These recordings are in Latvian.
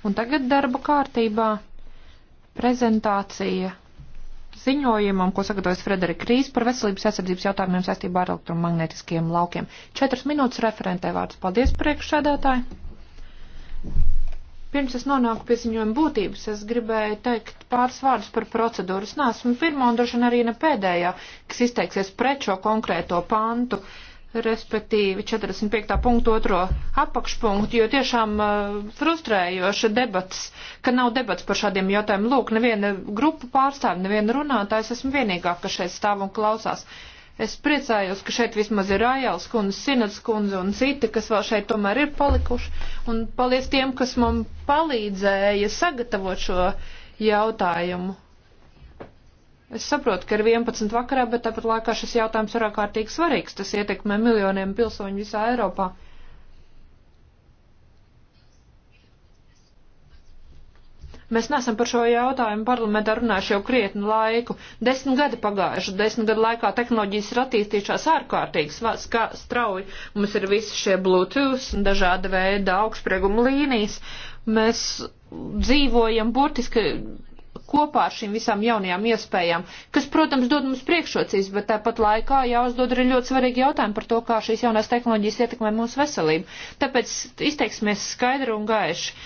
Un tagad darba kārtībā prezentācija ziņojumam, ko sagatavojas Frederika Rīs par veselības aizsardzības jautājumiem saistībā ar elektromagnetiskiem laukiem. Četras minūtes referentē vārds. Paldies, priekšsēdētāji! Pirms es nonāku pie ziņojuma būtības, es gribēju teikt pāris vārdus par procedūras. Nāsmu pirmā un droši vien arī ne pēdējā, kas izteiksies pret šo konkrēto pantu. Uh, respektīvi 45. punktu otro apakšpunktu, jo tiešām uh, frustrējoši debats, ka nav debats par šādiem jautājumiem. Lūk, neviena grupa pārstāv, neviena runātājs, esmu vienīgā, kas šeit stāv un klausās. Es priecājos, ka šeit vismaz ir Rājāls kundze, Sinats kundze un citi, kas vēl šeit tomēr ir palikuši. Un paldies tiem, kas man palīdzēja sagatavot šo jautājumu. Es saprotu, ka ir 11 vakarā, bet tāpat laikā šis jautājums ir ārkārtīgi svarīgs. Tas ietekmē miljoniem pilsoņu visā Eiropā. Mēs nesam par šo jautājumu parlamentā runājuši jau krietnu laiku. Desmit gadi pagājuši, desmit gadu laikā tehnoloģijas ir attīstījušās ārkārtīgi skā, strauji. Mums ir visi šie Bluetooth un dažāda veida augstsprieguma līnijas. Mēs dzīvojam burtiski kopā ar šīm visām jaunajām iespējām, kas, protams, dod mums priekšrocības, bet tāpat laikā jāuzdod arī ļoti svarīgi jautājumi par to, kā šīs jaunās tehnoloģijas ietekmē mūsu veselību. Tāpēc izteiksimies skaidri un gaiši.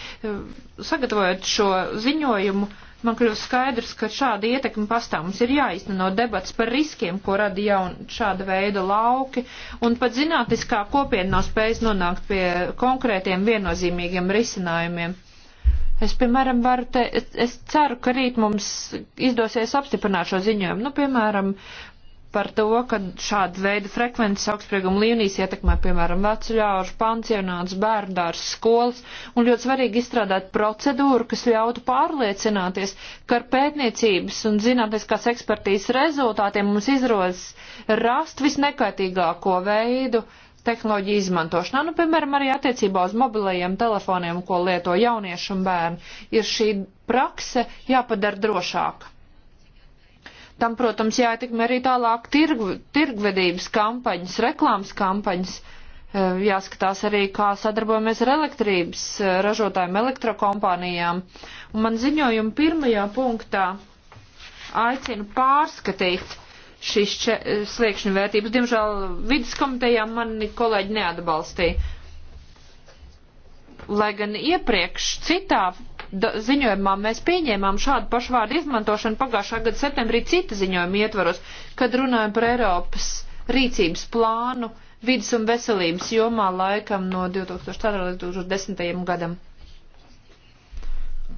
Sagatavojot šo ziņojumu, man kļūst skaidrs, ka šāda ietekme pastāv. Mums ir jāizteno debats par riskiem, ko rada jaun šāda veida lauki, un pat zinātniskā kopiena nav spējas nonākt pie konkrētiem viennozīmīgiem risinājumiem. Es, piemēram, varu te, es, es ceru, ka rīt mums izdosies apstiprināt šo ziņojumu. Nu, piemēram, par to, ka šāda veida frekvences augstsprieguma līnijas ietekmē, piemēram, vecu ļaužu pansionāts, bērndārs, skolas, un ļoti svarīgi izstrādāt procedūru, kas ļautu pārliecināties, ka ar pētniecības un zinātniskās ekspertīzes rezultātiem mums izrodas rast visnekaitīgāko veidu uh, tehnoloģiju izmantošanā. Nu, piemēram, arī attiecībā uz mobilajiem telefoniem, ko lieto jaunieši un bērni, ir šī prakse jāpadara drošāka. Tam, protams, jāietekmē arī tālāk tirgu, tirgvedības kampaņas, reklāmas kampaņas. E, jāskatās arī, kā sadarbojamies ar elektrības e, ražotājiem, elektrokompānijām. Un man ziņojuma pirmajā punktā aicinu pārskatīt šīs sliekšņu vērtības. Diemžēl vidas komitejā mani kolēģi neatbalstīja. Lai gan iepriekš citā ziņojumā mēs pieņēmām šādu pašvārdu izmantošanu pagājušā gada septembrī cita ziņojuma ietvaros, kad runājam par Eiropas rīcības plānu vidas un veselības jomā laikam no 2004. līdz 2010. gadam.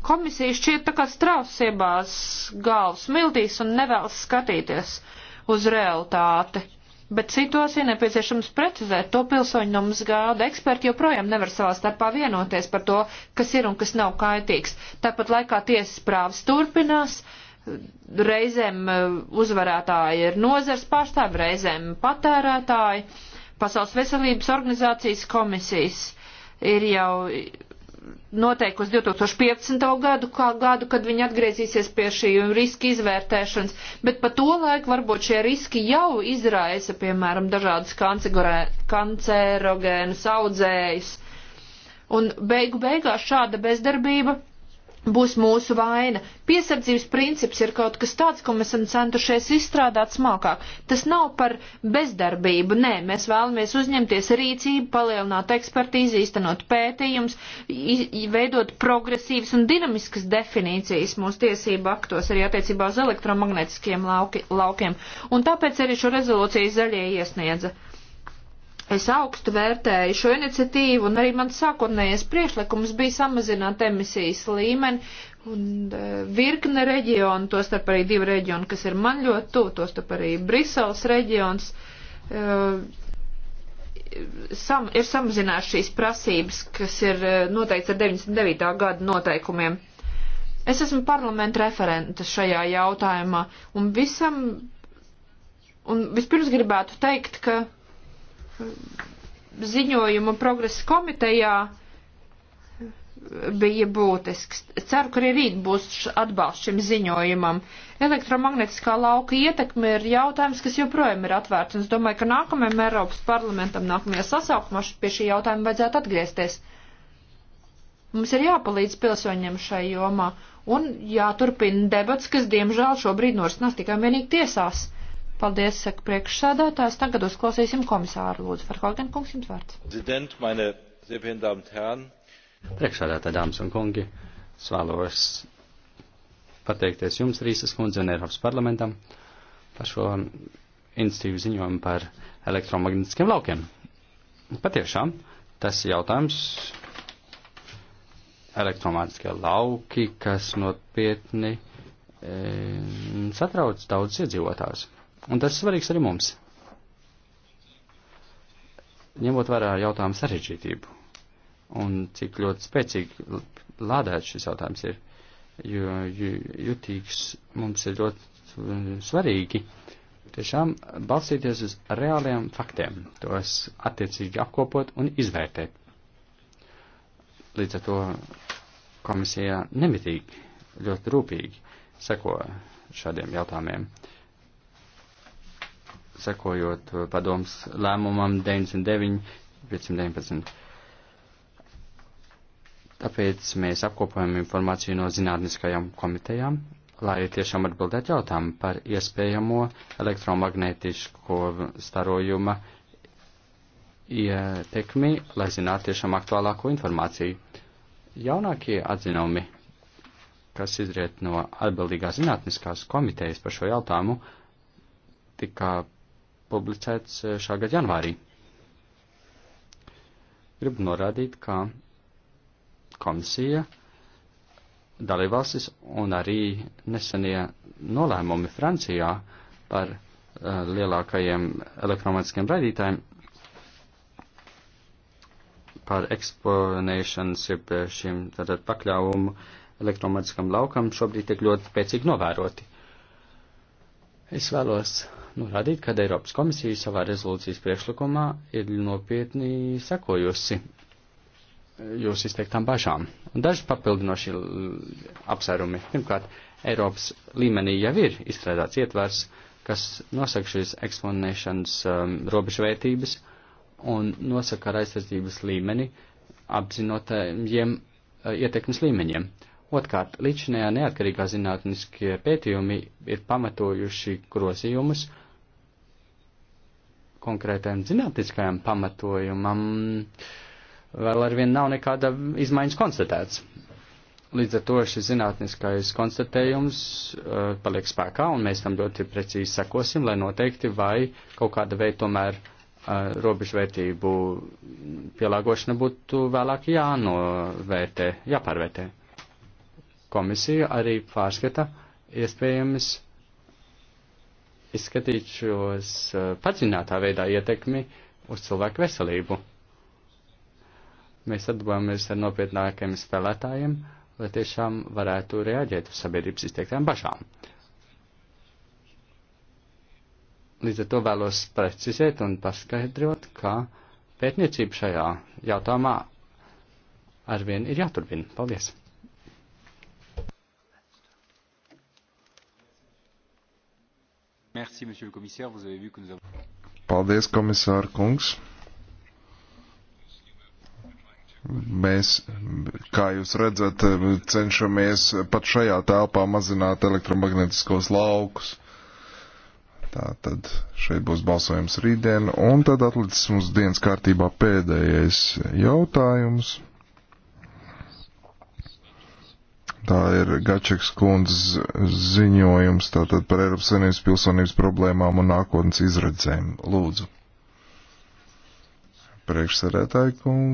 Komisija šķiet tā kā strausiebās galvas miltīs un nevēlas skatīties uz realitāti. Bet situācija nepieciešams precizēt, to pilsoņu nums gāda eksperti joprojām nevar savā starpā vienoties par to, kas ir un kas nav kaitīgs. Tāpat laikā tiesas prāvas turpinās, reizēm uh, uzvarētāji ir nozars pārstāvi, reizēm patērētāji, Pasaules veselības organizācijas komisijas ir jau noteikusi 2015. gadu kā gadu, kad viņi atgriezīsies pie šī riska izvērtēšanas, bet pa to laiku varbūt šie riski jau izraisa, piemēram, dažādas kancerogēnas audzējas. Un beigu beigās šāda bezdarbība būs mūsu vaina. Piesardzības princips ir kaut kas tāds, ko mēs esam centušies izstrādāt smalkāk. Tas nav par bezdarbību, nē, mēs vēlamies uzņemties rīcību, palielināt ekspertīzi, īstenot pētījums, veidot progresīvas un dinamiskas definīcijas mūsu tiesību aktos arī attiecībā uz elektromagnetiskiem lauki, laukiem. Un tāpēc arī šo rezolūciju zaļie iesniedza. Es augstu vērtēju šo iniciatīvu, un arī mans sākotnējais priekšlikums bija samazināt emisijas līmeni, un e, virkne reģionu, tostarp arī divi reģioni, kas ir man ļoti tuvu, tostarp arī Briseles reģions, e, sam, ir samazinājuši šīs prasības, kas ir e, noteikts ar 99. gada noteikumiem. Es esmu parlamenta referenta šajā jautājumā, un visam, un vispirms gribētu teikt, ka ziņojumu progresa komitejā bija būtisks. Ceru, ka arī rīt būs atbalsts šim ziņojumam. Elektromagnetiskā lauka ietekme ir jautājums, kas joprojām ir atvērts, un es domāju, ka nākamajam Eiropas parlamentam, nākamajā sasaukumā pie šī jautājuma vajadzētu atgriezties. Mums ir jāpalīdz pilsoņiem šai jomā, un jāturpina debats, kas diemžēl šobrīd norisinās tikai vienīgi tiesās. Paldies, saka priekšsādātājs. Tagad uzklausīsim komisāru. Lūdzu, Farhogen kungs, jums vārds. Priekšsādātāji, dāmas un kungi, es vēlos pateikties jums, Rīsas kundze un Eiropas parlamentam, par šo institīvu ziņojumu par elektromagnetiskiem laukiem. Patiešām, tas jautājums elektromagnetiskie lauki, kas nopietni e, satrauc daudz iedzīvotājus. Un tas svarīgs arī mums. Ņemot vērā jautājumu sarežģītību un cik ļoti spēcīgi lādēts šis jautājums ir, jo jutīgs mums ir ļoti svarīgi tiešām balstīties uz reāliem faktiem, tos attiecīgi apkopot un izvērtēt. Līdz ar to komisija nemitīgi, ļoti rūpīgi seko šādiem jautājumiem. Uh, sekojot eh, padoms lēmumam 99, 519. Tāpēc mēs apkopojam informāciju no zinātniskajām komitejām, lai tiešām atbildētu jautājumu par iespējamo elektromagnētisko starojuma ietekmi, lai zinātu tiešām aktuālāko informāciju. Jaunākie atzinumi, kas izriet no atbildīgās zinātniskās komitejas par šo jautājumu, tika publicēts eh, šā gada janvārī. Gribu norādīt, ka komisija, dalībvalstis un arī nesenie nolēmumi Francijā par uh, lielākajiem elektromagnētiskiem raidītājiem par eksponēšanas, jeb šim tātad pakļāvumu elektromagnētiskam laukam šobrīd tiek ļoti spēcīgi novēroti. Es vēlos norādīt, nu, ka Eiropas komisija savā rezolūcijas priekšlikumā ir nopietni sekojusi jūs izteiktām bažām. Un daži papildinoši apsvērumi. Pirmkārt, Eiropas līmenī jau ir izstrādāts ietvers, kas nosaka šīs eksponēšanas um, robežvērtības un nosaka aizsardzības līmeni apzinotājiem uh, ietekmes līmeņiem. Otkārt, līdzinējā neatkarīgā zinātniskie pētījumi ir pamatojuši grozījumus, uh, konkrētajam zinātniskajam pamatojumam vēl arvien nav nekāda izmaiņas konstatēts. Līdz ar to šis zinātniskais konstatējums uh, paliek spēkā, un mēs tam ļoti precīzi sekosim, lai noteikti vai kaut kāda veida tomēr uh, robežvērtību pielāgošana būtu vēlāk jānovērtē, jāpārvērtē. Komisija arī pārskata iespējamas izskatīt šos padziļinātā veidā ietekmi uz cilvēku veselību. Mēs atbūvamies ar nopietnākiem spēlētājiem, lai tiešām varētu reaģēt uz sabiedrības izteiktām bažām. Līdz ar to vēlos precizēt un paskaidrot, ka pētniecība šajā jautājumā arvien ir jāturpina. Paldies! Merci, monsieur le commissaire. Vous avez vu que nous avons. Paldies, komisāra kungs. Mēs, kā jūs redzat, cenšamies pat šajā telpā mazināt elektromagnetiskos laukus. Tā tad šeit būs balsojums rītdien, un tad atlicis mums dienas kārtībā pēdējais jautājums. Tā ir Gačeks kundzes ziņojums tātad par Eiropas Savienības pilsonības problēmām un nākotnes izredzēm. Lūdzu. Priekšsarētāji kungs.